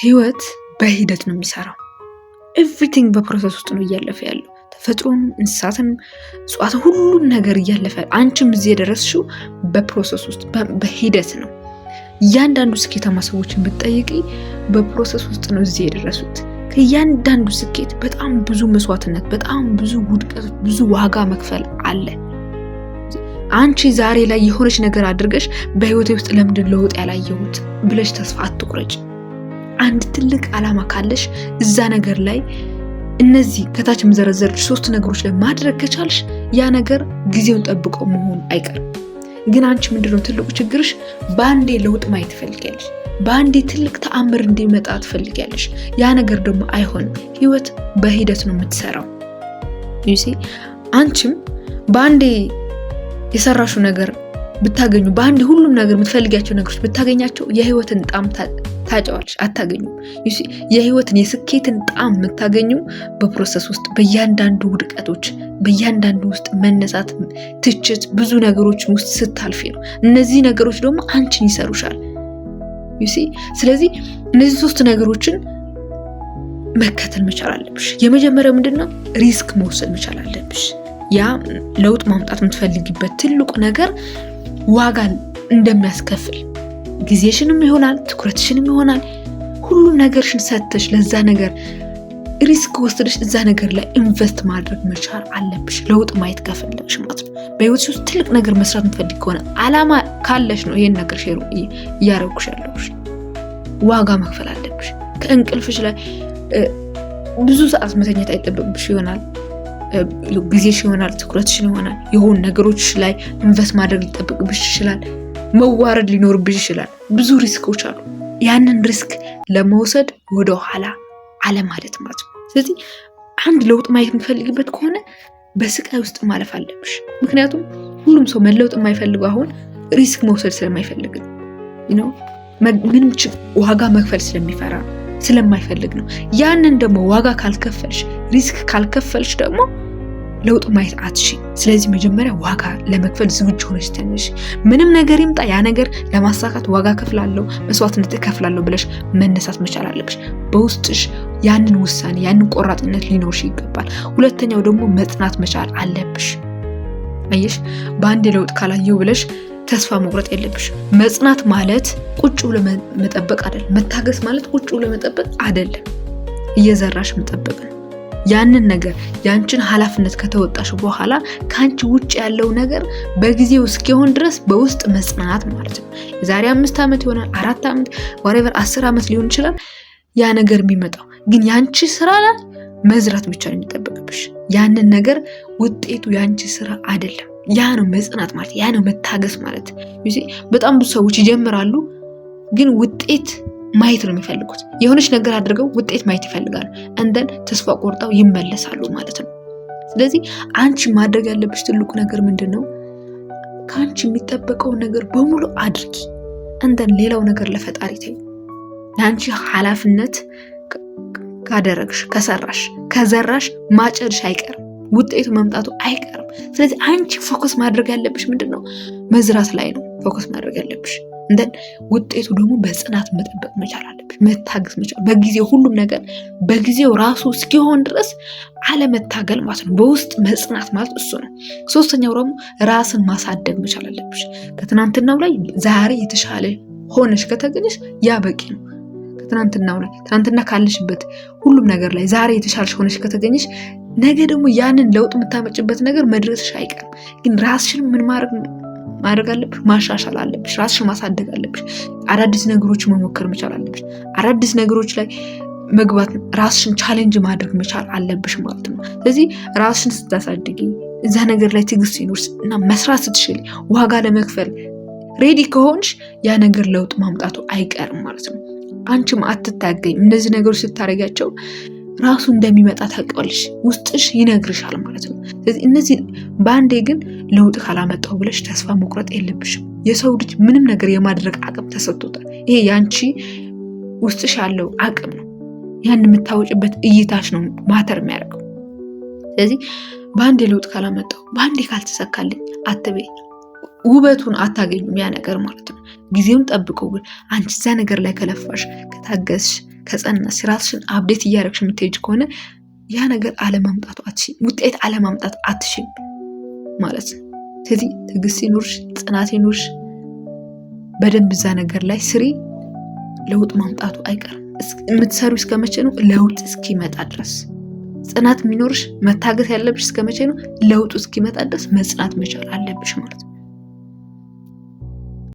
ህይወት በሂደት ነው የሚሰራው። ኤቭሪቲንግ በፕሮሰስ ውስጥ ነው እያለፈ ያለው። ተፈጥሮን፣ እንስሳትን፣ እጽዋትን፣ ሁሉም ነገር እያለፈ አንቺም እዚህ የደረስሽው በፕሮሰስ ውስጥ በሂደት ነው። እያንዳንዱ ስኬታማ ሰዎችን ብትጠይቂ በፕሮሰስ ውስጥ ነው እዚህ የደረሱት። ከእያንዳንዱ ስኬት በጣም ብዙ መስዋዕትነት፣ በጣም ብዙ ውድቀት፣ ብዙ ዋጋ መክፈል አለ። አንቺ ዛሬ ላይ የሆነች ነገር አድርገሽ በህይወቴ ውስጥ ለምንድን ለውጥ ያላየሁት ብለሽ ተስፋ አትቁረጭ። አንድ ትልቅ ዓላማ ካለሽ እዛ ነገር ላይ እነዚህ ከታች የምዘረዘርች ሶስት ነገሮች ላይ ማድረግ ከቻልሽ ያ ነገር ጊዜውን ጠብቆ መሆን አይቀርም። ግን አንቺ ምንድነው ትልቁ ችግርሽ? በአንዴ ለውጥ ማየት ትፈልጊያለሽ። በአንዴ ትልቅ ተአምር እንዲመጣ ትፈልጊያለሽ። ያ ነገር ደግሞ አይሆንም። ህይወት በሂደት ነው የምትሰራው። ዩሴ አንቺም በአንዴ የሰራሹ ነገር ብታገኙ በአንዴ ሁሉም ነገር የምትፈልጊያቸው ነገሮች ብታገኛቸው የህይወትን ጣም ታጫዋች አታገኙም። የህይወትን የስኬትን ጣዕም የምታገኙ በፕሮሰስ ውስጥ በእያንዳንዱ ውድቀቶች፣ በእያንዳንዱ ውስጥ መነሳት፣ ትችት፣ ብዙ ነገሮች ውስጥ ስታልፊ ነው። እነዚህ ነገሮች ደግሞ አንቺን ይሰሩሻል። ስለዚህ እነዚህ ሶስት ነገሮችን መከተል መቻል አለብሽ። የመጀመሪያው ምንድነው ሪስክ መውሰድ መቻል አለብሽ። ያ ለውጥ ማምጣት የምትፈልጊበት ትልቁ ነገር ዋጋን እንደሚያስከፍል ጊዜሽንም ይሆናል፣ ትኩረትሽንም ይሆናል። ሁሉም ነገርሽን ሰተሽ ለዛ ነገር ሪስክ ወስደሽ እዛ ነገር ላይ ኢንቨስት ማድረግ መቻል አለብሽ። ለውጥ ማየት ከፈለግሽ ማለት ነው። በህይወትሽ ውስጥ ትልቅ ነገር መስራት የምትፈልግ ከሆነ አላማ ካለሽ ነው ይሄን ነገር ሼር እያረጉሽ ያለሽ። ዋጋ መክፈል አለብሽ። ከእንቅልፍሽ ላይ ብዙ ሰዓት መተኛት አይጠበቅብሽ ይሆናል። ጊዜሽ ይሆናል፣ ትኩረትሽን ይሆናል። የሆኑ ነገሮች ላይ ኢንቨስት ማድረግ ሊጠበቅብሽ ይችላል። መዋረድ ሊኖርብሽ ይችላል። ብዙ ሪስኮች አሉ። ያንን ሪስክ ለመውሰድ ወደኋላ አለማለት ማለት ነው። ስለዚህ አንድ ለውጥ ማየት የምትፈልግበት ከሆነ በስቃይ ውስጥ ማለፍ አለብሽ። ምክንያቱም ሁሉም ሰው መለውጥ የማይፈልገው አሁን ሪስክ መውሰድ ስለማይፈልግ ነው። ምንም ዋጋ መክፈል ስለሚፈራ ነው፣ ስለማይፈልግ ነው። ያንን ደግሞ ዋጋ ካልከፈልሽ፣ ሪስክ ካልከፈልሽ ደግሞ ለውጥ ማየት አትሺ። ስለዚህ መጀመሪያ ዋጋ ለመክፈል ዝግጁ ሆነች። ትንሽ ምንም ነገር ይምጣ፣ ያ ነገር ለማሳካት ዋጋ ከፍላለሁ፣ መስዋዕትነት ከፍላለሁ ብለሽ መነሳት መቻል አለብሽ። በውስጥሽ ያንን ውሳኔ ያንን ቆራጥነት ሊኖርሽ ይገባል። ሁለተኛው ደግሞ መጽናት መቻል አለብሽ። አየሽ፣ በአንድ ለውጥ ካላየው ብለሽ ተስፋ መቁረጥ የለብሽ። መጽናት ማለት ቁጭ ብሎ መጠበቅ አይደለም። መታገስ ማለት ቁጭ ብሎ መጠበቅ አይደለም። እየዘራሽ መጠበቅ ነው። ያንን ነገር ያንቺን ኃላፊነት ከተወጣሽ በኋላ ከአንቺ ውጭ ያለው ነገር በጊዜው እስኪሆን ድረስ በውስጥ መጽናናት ማለት ነው። የዛሬ አምስት ዓመት ይሆናል አራት ዓመት ወሬቨር አስር ዓመት ሊሆን ይችላል ያ ነገር የሚመጣው ግን ያንቺ ስራ ላይ መዝራት ብቻ ነው የሚጠበቅብሽ። ያንን ነገር ውጤቱ ያንቺ ስራ አይደለም። ያ ነው መጽናት ማለት ያ ነው መታገስ ማለት። በጣም ብዙ ሰዎች ይጀምራሉ ግን ውጤት ማየት ነው የሚፈልጉት። የሆነች ነገር አድርገው ውጤት ማየት ይፈልጋሉ። እንደን ተስፋ ቆርጠው ይመለሳሉ ማለት ነው። ስለዚህ አንቺ ማድረግ ያለብሽ ትልቁ ነገር ምንድን ነው? ከአንቺ የሚጠበቀውን ነገር በሙሉ አድርጊ። እንደን ሌላው ነገር ለፈጣሪ ተይው። ለአንቺ ኃላፊነት ካደረግሽ፣ ከሰራሽ፣ ከዘራሽ ማጨድሽ አይቀርም። ውጤቱ መምጣቱ አይቀርም። ስለዚህ አንቺ ፎከስ ማድረግ ያለብሽ ምንድን ነው? መዝራት ላይ ነው ፎከስ ማድረግ ያለብሽ። እንደን ውጤቱ ደግሞ በጽናት መጠበቅ መቻል አለብሽ፣ መታገስ መቻል በጊዜ ሁሉም ነገር በጊዜው ራሱ እስኪሆን ድረስ አለመታገል ማለት ነው። በውስጥ መጽናት ማለት እሱ ነው። ሶስተኛው ደግሞ ራስን ማሳደግ መቻል አለብሽ። ከትናንትናው ላይ ዛሬ የተሻለ ሆነሽ ከተገኘሽ ያ በቂ ነው። ከትናንትናው ላይ ትናንትና ካለሽበት ሁሉም ነገር ላይ ዛሬ የተሻለሽ ሆነሽ ከተገኘሽ ነገ ደግሞ ያንን ለውጥ የምታመጭበት ነገር መድረስሽ አይቀርም። ግን ራስሽን ምን ማድረግ ማድረግ አለብሽ፣ ማሻሻል አለብሽ፣ ራስሽ ማሳደግ አለብሽ። አዳዲስ ነገሮች መሞከር መቻል አለብሽ። አዳዲስ ነገሮች ላይ መግባት፣ ራስሽን ቻሌንጅ ማድረግ መቻል አለብሽ ማለት ነው። ስለዚህ ራስሽን ስታሳድጊ እዛ ነገር ላይ ትግስት ሲኖር እና መስራት ስትችል ዋጋ ለመክፈል ሬዲ ከሆንሽ ያ ነገር ለውጥ ማምጣቱ አይቀርም ማለት ነው። አንቺም አትታገኝም። እነዚህ ነገሮች ስታደርጊያቸው ራሱ እንደሚመጣ ታውቂዋለሽ፣ ውስጥሽ ይነግርሻል ማለት ነው። ስለዚህ እነዚህ በአንዴ ግን ለውጥ ካላመጣው ብለሽ ተስፋ መቁረጥ የለብሽም። የሰው ልጅ ምንም ነገር የማድረግ አቅም ተሰጥቶታል። ይሄ ያንቺ ውስጥሽ ያለው አቅም ነው። ያን የምታወጭበት እይታች ነው ማተር የሚያደርገው። ስለዚህ በአንዴ ለውጥ ካላመጣው በአንዴ ካልተሰካልኝ አትበይ። ውበቱን አታገኙም ያ ነገር ማለት ነው። ጊዜውን ጠብቆ ግን አንቺ እዛ ነገር ላይ ከለፋሽ፣ ከታገስሽ፣ ከጸናሽ ራስሽን አብዴት እያደረግሽ የምትሄጅ ከሆነ ያ ነገር አለማምጣቱ አትችም፣ ውጤት አለማምጣት አትችም ማለት ነው። ስለዚህ ትዕግስት ይኑርሽ፣ ጽናት ይኑርሽ። በደንብ እዛ ነገር ላይ ስሪ። ለውጥ ማምጣቱ አይቀርም። የምትሰሩ እስከ መቼ ነው? ለውጥ እስኪመጣ ድረስ ጽናት የሚኖርሽ መታገስ ያለብሽ እስከ መቼ ነው? ለውጡ እስኪመጣ ድረስ መጽናት መቻል አለብሽ ማለት ነው።